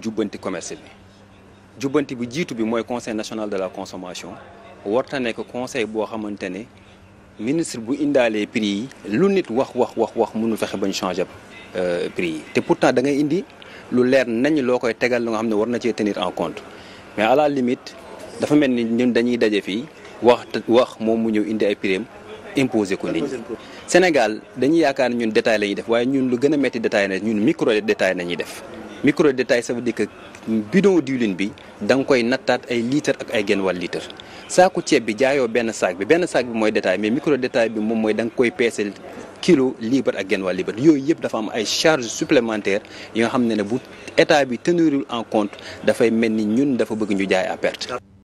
jubbanti commerce bi jubbanti bu jiitu bi mooy conseil national de la consommation warta nekk conseil boo xamante ne ministre bu indialee prix yi lu nit wax wax wax wax mënu fexe bañ changer euh, prix yi te pourtant da ngay indi lu leer nañ loo koy tegal lu nga xam ne war na cee tenir en compte mais à la limite dafa mel ni ñun dañuy daje fii wax te wax moom mu ñëw indi ay prix am imposé ko nit ñi Sénégal dañuy yaakaar ñun détail la ñuy def waaye ñun lu gën a métti détail ñun micro détail nañuy def micro détail ça veut dire que bidon diwlin bi da nga koy nattaat ay litre ak ay genn wàll litre saaku ceeb bi jaayoo benn saak bi benn saak bi mooy détail mais micro détail bi moom mooy danga koy peesel kilo libre ak genn wàll yooyu yëpp dafa am ay charges yi nga xam ne ne bu état bi tenirul en compte dafay mel ni ñun dafa bëgg ñu jaay à